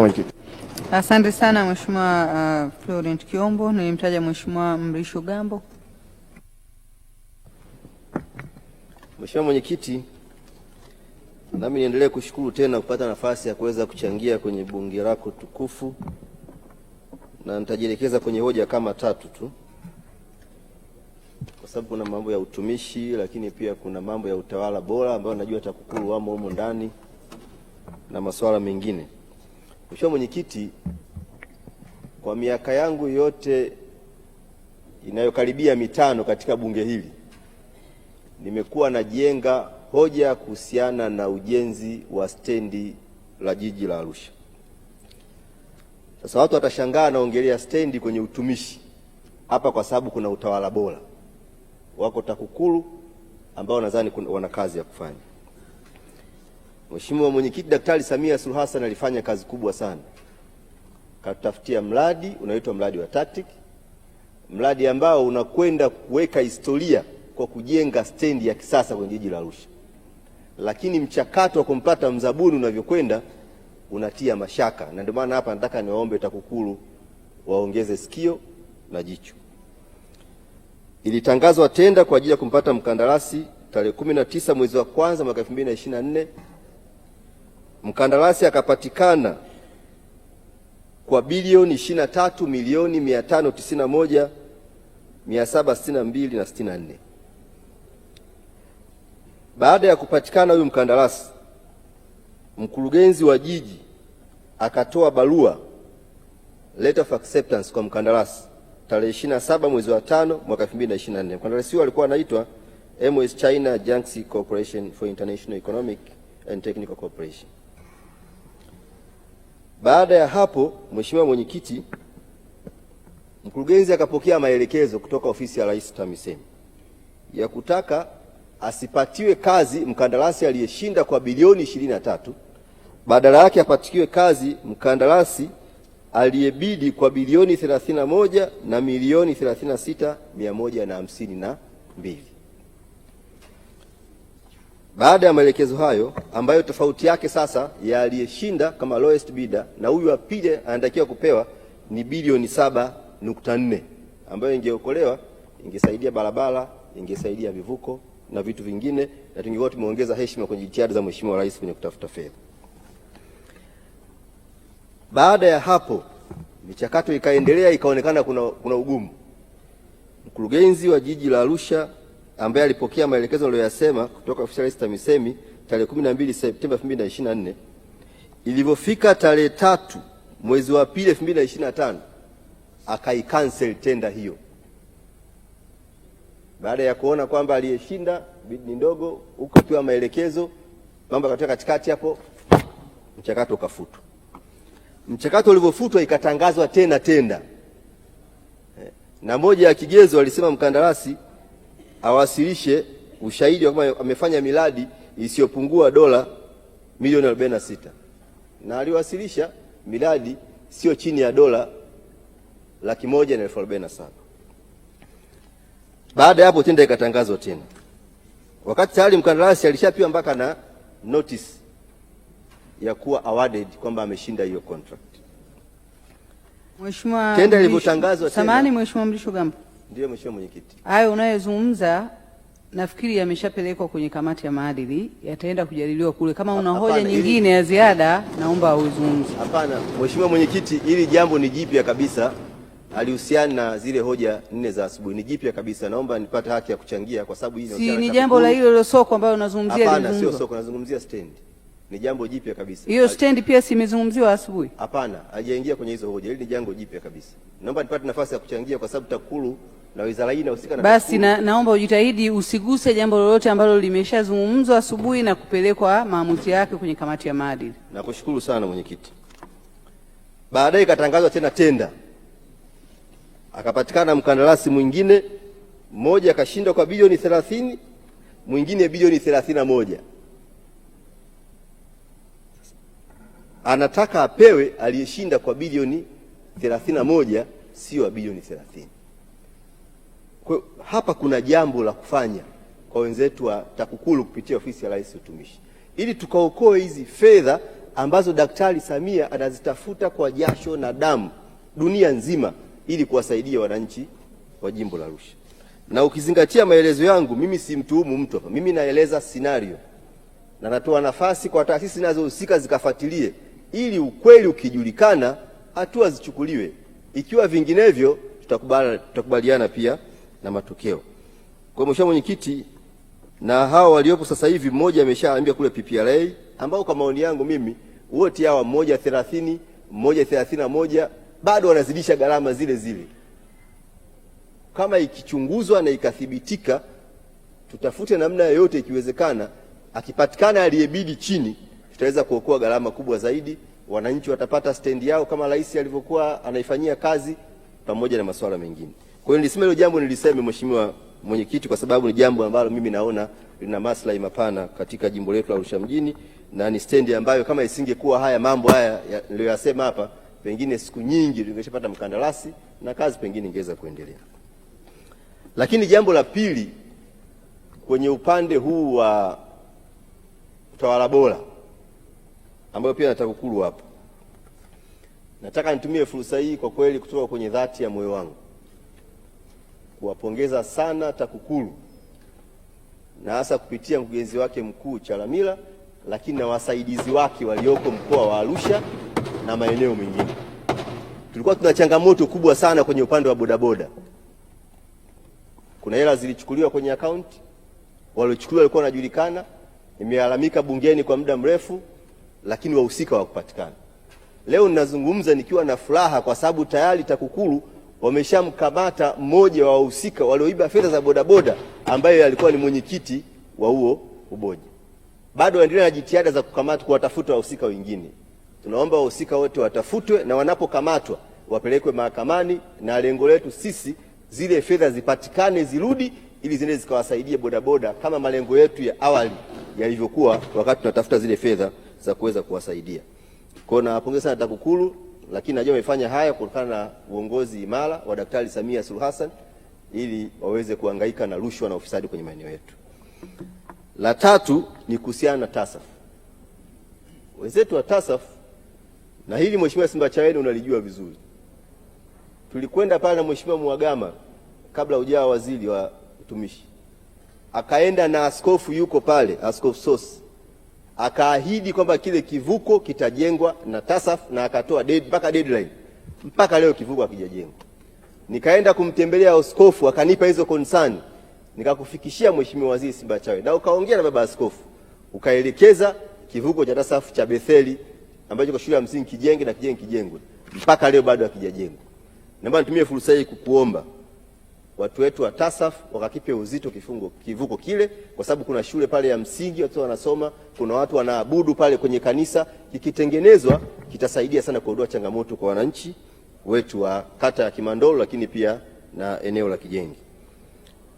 Mwenyekiti. Asante sana Mheshimiwa uh, Florent Kiombo. Nilimtaja Mheshimiwa Mrisho Gambo. Mheshimiwa Mwenyekiti, nami niendelee kushukuru tena kupata nafasi ya kuweza kuchangia kwenye bunge lako tukufu, na nitajielekeza kwenye hoja kama tatu tu, kwa sababu kuna mambo ya utumishi, lakini pia kuna mambo ya utawala bora ambayo najua TAKUKURU wamo humo ndani na masuala mengine. Mheshimiwa Mwenyekiti, kwa miaka yangu yote inayokaribia mitano katika bunge hili nimekuwa najenga hoja kuhusiana na ujenzi wa stendi la jiji la Arusha. Sasa watu watashangaa naongelea stendi kwenye utumishi hapa, kwa sababu kuna utawala bora, wako TAKUKURU ambao nadhani wana kazi ya kufanya. Mheshimiwa Mwenyekiti, Daktari Samia Suluhu Hassan alifanya kazi kubwa sana, katutafutia mradi unaoitwa mradi wa TACTIC, mradi ambao unakwenda kuweka historia kwa kujenga stendi ya kisasa kwenye jiji la Arusha, lakini mchakato wa kumpata mzabuni unavyokwenda unatia mashaka, na ndio maana hapa nataka niwaombe TAKUKURU waongeze sikio na jicho. Ilitangazwa tenda kwa ajili ya kumpata mkandarasi tarehe 19 mwezi wa kwanza mwaka 2024 mkandarasi akapatikana kwa bilioni 23 milioni 591 762 na 64. Baada ya kupatikana huyu mkandarasi, mkurugenzi wa jiji akatoa barua letter of acceptance kwa mkandarasi tarehe 27 mwezi wa 5 mwaka 2024. Mkandarasi huyo alikuwa anaitwa MS China Jiangxi Corporation for International Economic and Technical Cooperation. Baada ya hapo, Mheshimiwa Mwenyekiti, mkurugenzi akapokea maelekezo kutoka ofisi ya Rais TAMISEMI ya kutaka asipatiwe kazi mkandarasi aliyeshinda kwa bilioni ishirini na tatu, badala yake apatikiwe kazi mkandarasi aliyebidi kwa bilioni 31 na milioni 36 mia moja na hamsini na mbili. Baada ya maelekezo hayo ambayo tofauti yake sasa ya aliyeshinda kama lowest bidder na huyu wa pili anatakiwa kupewa ni bilioni saba nukta nne ambayo ingeokolewa, ingesaidia barabara, ingesaidia vivuko na vitu vingine, na tungekuwa tumeongeza heshima kwenye jitihada za Mheshimiwa Rais kwenye kutafuta fedha. Baada ya hapo michakato ikaendelea, ikaonekana kuna, kuna ugumu. Mkurugenzi wa jiji la Arusha ambaye alipokea maelekezo aliyoyasema kutoka ofisi ya Rais TAMISEMI tarehe 12 Septemba 2024. Ilivyofika tarehe tatu mwezi wa pili 2025 akaikansel tenda hiyo baada ya kuona kwamba aliyeshinda ni ndogo, huko akiwa maelekezo mambo yakatoka katikati hapo, mchakato ukafutwa. Mchakato ulivyofutwa ikatangazwa tena tenda, eh, na moja ya kigezo alisema mkandarasi awasilishe ushahidi wa kwamba amefanya miradi isiyopungua dola milioni 46 na aliwasilisha miradi sio chini ya dola laki moja na elfu arobaini na saba. Baada ya hapo tenda ikatangazwa tena, wakati tayari mkandarasi alishapiwa mpaka na notice ya kuwa awarded kwamba ameshinda hiyo contract. Mheshimiwa, tenda ilivyotangazwa tena. Samahani Mheshimiwa Mrisho Gambo. Ndiyo, Mheshimiwa Mwenyekiti. Hayo unayozungumza nafikiri yameshapelekwa kwenye kamati ya maadili, yataenda kujadiliwa kule. Kama una hoja nyingine ya ziada, naomba uzungumze. Hapana, Mheshimiwa Mwenyekiti, hili jambo ni jipya kabisa, alihusiana na zile hoja nne za asubuhi, ni jipya kabisa. Naomba nipate haki ya kuchangia kwa sababu hii si ni jambo la hilo hilo soko ambalo unazungumzia. Hapana, sio soko, nazungumzia stand. ni jambo jipya kabisa. Hiyo stand pia imezungumziwa asubuhi? Hapana, hajaingia kwenye hizo hoja. Hili ni jambo jipya kabisa. Naomba nipate nafasi ya kuchangia kwa sababu TAKUKURU na wizara hii inahusika na basi na, naomba ujitahidi usiguse jambo lolote ambalo limeshazungumzwa asubuhi na kupelekwa maamuzi yake kwenye kamati ya maadili. Nakushukuru sana mwenyekiti. Baadaye ikatangazwa tena tenda, akapatikana mkandarasi mwingine mmoja akashinda kwa bilioni thelathini, mwingine bilioni thelathini na moja. Anataka apewe aliyeshinda kwa bilioni thelathini na moja, sio bilioni thelathini. Kwa hapa kuna jambo la kufanya kwa wenzetu wa TAKUKURU kupitia ofisi ya Rais Utumishi ili tukaokoe hizi fedha ambazo Daktari Samia anazitafuta kwa jasho na damu dunia nzima ili kuwasaidia wananchi wa jimbo la Arusha. Na ukizingatia maelezo yangu, mimi simtuhumu mtu hapa, mimi naeleza scenario na natoa nafasi kwa taasisi zinazohusika zikafuatilie ili ukweli ukijulikana, hatua zichukuliwe, ikiwa vinginevyo tutakubaliana pia na matokeo. Kwa mheshimiwa mwenyekiti, na hao waliopo sasa hivi mmoja ameshaambia kule PPRA, ambao kwa maoni yangu mimi wote hawa mmoja thelathini mmoja thelathini na moja bado wanazidisha gharama zile zile. Kama ikichunguzwa na ikathibitika, tutafute namna yoyote ikiwezekana, akipatikana aliyebidi chini, tutaweza kuokoa gharama kubwa zaidi. Wananchi watapata stendi yao kama rais alivyokuwa anaifanyia kazi, pamoja na masuala mengine. Kwa hiyo nilisema hilo jambo niliseme, Mheshimiwa Mwenyekiti, kwa sababu ni jambo ambalo mimi naona lina maslahi mapana katika jimbo letu la Arusha mjini, na ni stendi ambayo kama isingekuwa haya mambo haya niliyoyasema hapa, pengine siku nyingi tungeshapata mkandarasi na kazi pengine ingeweza kuendelea. Lakini jambo la pili kwenye upande huu wa utawala bora ambayo pia nataka kukuru hapa, nataka nitumie fursa hii kwa kweli kutoka kwenye dhati ya moyo wangu kuwapongeza sana TAKUKURU na hasa kupitia mkurugenzi wake mkuu Chalamila, lakini na wasaidizi wake walioko mkoa wa Arusha na maeneo mengine. Tulikuwa tuna changamoto kubwa sana kwenye upande wa bodaboda. Kuna hela zilichukuliwa kwenye akaunti, waliochukuliwa walikuwa wanajulikana. nimelalamika bungeni kwa muda mrefu, lakini wahusika hawakupatikana. Leo ninazungumza nikiwa na furaha kwa sababu tayari TAKUKURU wameshamkamata mmoja wa wahusika walioiba fedha za bodaboda ambaye alikuwa ni mwenyekiti wa huo uboja. Bado waendelea na jitihada za kukamata, kuwatafuta wahusika wengine. Tunaomba wahusika wote watafutwe na wanapokamatwa wapelekwe mahakamani, na lengo letu sisi zile fedha zipatikane, zirudi ili ziende zikawasaidia bodaboda, kama malengo yetu ya awali yalivyokuwa wakati tunatafuta zile fedha za kuweza kuwasaidia kwao. Nawapongeza sana TAKUKURU lakini najua wamefanya haya kutokana na uongozi imara wa Daktari Samia Suluhu Hassan ili waweze kuhangaika na rushwa na ufisadi kwenye maeneo yetu. La tatu ni kuhusiana na TASAF, wenzetu wa TASAF, na hili Mheshimiwa Simbachawene unalijua vizuri. Tulikwenda pale na Mheshimiwa Mwagama kabla hujawa waziri wa utumishi, akaenda na askofu yuko pale, Askofu Sosi akaahidi kwamba kile kivuko kitajengwa na TASAF na akatoa dead, mpaka deadline. Mpaka leo kivuko hakijajengwa. Nikaenda kumtembelea askofu akanipa hizo concern, nikakufikishia Mheshimiwa Waziri chawe na ukaongea na baba askofu ukaelekeza kivuko cha TASAF cha Betheli ambacho kwa shule ya msingi kijenge na kijenge kijengwe, mpaka leo bado hakijajengwa. Naomba nitumie fursa hii kukuomba watu wetu wa TASAF wakakipe uzito kifungo kivuko kile, kwa sababu kuna shule pale ya msingi watu wanasoma, kuna watu wanaabudu pale kwenye kanisa. Kikitengenezwa kitasaidia sana kuondoa changamoto kwa wananchi wetu wa kata ya Kimandolo, lakini pia na eneo la Kijengi.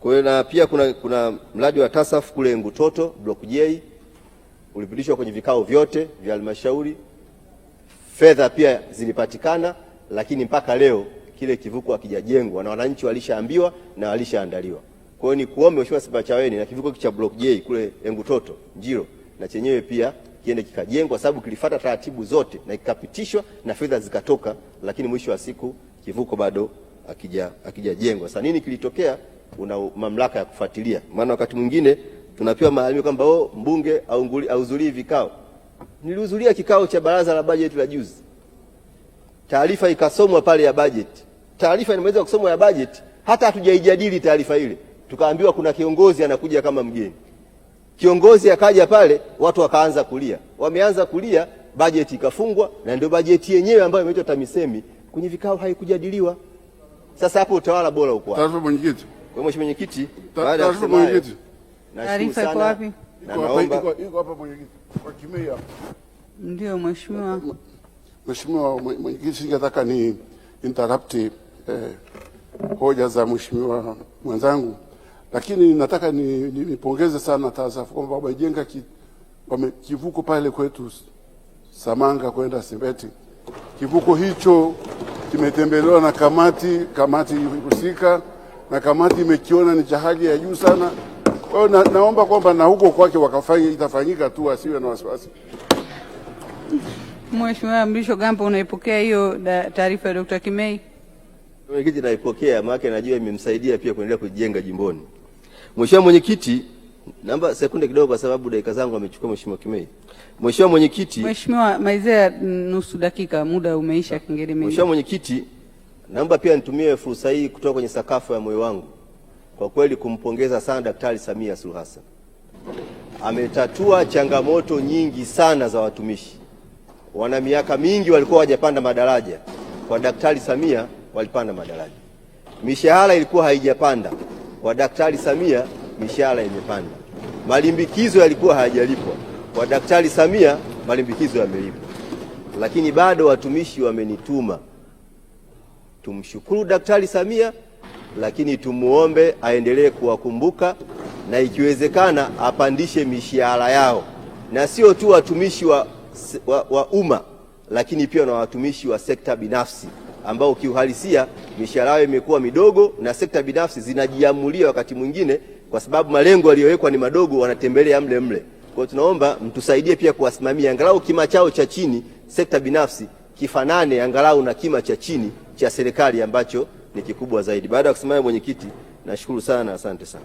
Kwa hiyo na pia kuna, kuna mradi wa TASAF kule Ngutoto block J ulipitishwa kwenye vikao vyote vya halmashauri, fedha pia zilipatikana, lakini mpaka leo kile kivuko hakijajengwa na wananchi walishaambiwa na walishaandaliwa. Kwa hiyo ni kuombe Mheshimiwa Simbachawene na kivuko cha Block J kule Engutoto Njiro na chenyewe pia kiende kikajengwa, sababu kilifata taratibu zote na kikapitishwa na fedha zikatoka, lakini mwisho wa siku kivuko bado hakijajengwa. Sasa nini kilitokea? Una mamlaka ya kufuatilia, maana wakati mwingine tunapewa maalamio kwamba oh, mbunge auzulii vikao. Nilihudhuria kikao cha baraza la bajeti la juzi, taarifa ikasomwa pale ya bajeti taarifa inaweza kusomwa ya budget, hata hatujaijadili taarifa ile, tukaambiwa kuna kiongozi anakuja kama mgeni. Kiongozi akaja pale, watu wakaanza kulia, wameanza kulia, budget ikafungwa, na ndio budget yenyewe ambayo imeitwa TAMISEMI kwenye vikao haikujadiliwa. Sasa hapo utawala bora uko wapi? Mwenyekiti, kwa mheshimiwa mwenyekiti, baada ya kusema hayo, taarifa iko wapi? Iko hapa mwenyekiti, kwa kimeya. Ndio mheshimiwa, mheshimiwa mwenyekiti, singetaka ni interrupt eh, hoja za mheshimiwa mwenzangu, lakini nataka nipongeze ni, sana TASAF kwamba wamejenga ki, wame, kivuko pale kwetu Samanga kwenda Serengeti. Kivuko hicho kimetembelewa na kamati kamati husika na kamati imekiona ni cha hali ya juu sana. Kwa hiyo naomba kwamba na huko kwake wakafanya, itafanyika tu, asiwe na wasiwasi. Mheshimiwa Mrisho Gambo, unaipokea hiyo taarifa ya Dr. Kimei? Mwenyekiti, naipokea maana najua imemsaidia pia kuendelea kujenga jimboni. Mheshimiwa Mwenyekiti, namba sekunde kidogo, kwa sababu dakika zangu amechukua Mheshimiwa Kimei. Mheshimiwa Mwenyekiti, Mheshimiwa Maizea, nusu dakika, muda umeisha. kingeri mimi, Mheshimiwa Mwenyekiti, naomba pia nitumie fursa hii kutoka kwenye sakafu ya moyo wangu kwa kweli kumpongeza sana Daktari Samia Suluhu Hassan, ametatua changamoto nyingi sana za watumishi. Wana miaka mingi walikuwa hawajapanda madaraja, kwa Daktari Samia walipanda madaraja. Mishahara ilikuwa haijapanda, kwa Daktari Samia mishahara imepanda. Malimbikizo yalikuwa hayajalipwa, kwa Daktari Samia malimbikizo yamelipwa. Lakini bado watumishi wamenituma. Tumshukuru Daktari Samia, lakini tumuombe aendelee kuwakumbuka na ikiwezekana apandishe mishahara yao, na sio tu watumishi wa, wa, wa umma lakini pia na watumishi wa sekta binafsi ambao kiuhalisia mishahara yao imekuwa midogo na sekta binafsi zinajiamulia wakati mwingine, kwa sababu malengo yaliyowekwa ni madogo, wanatembelea mle mle. Kwa tunaomba mtusaidie pia kuwasimamia angalau kima chao cha chini, sekta binafsi kifanane angalau na kima cha chini cha serikali ambacho ni kikubwa zaidi. Baada ya kusimama mwenyekiti, nashukuru sana, asante sana.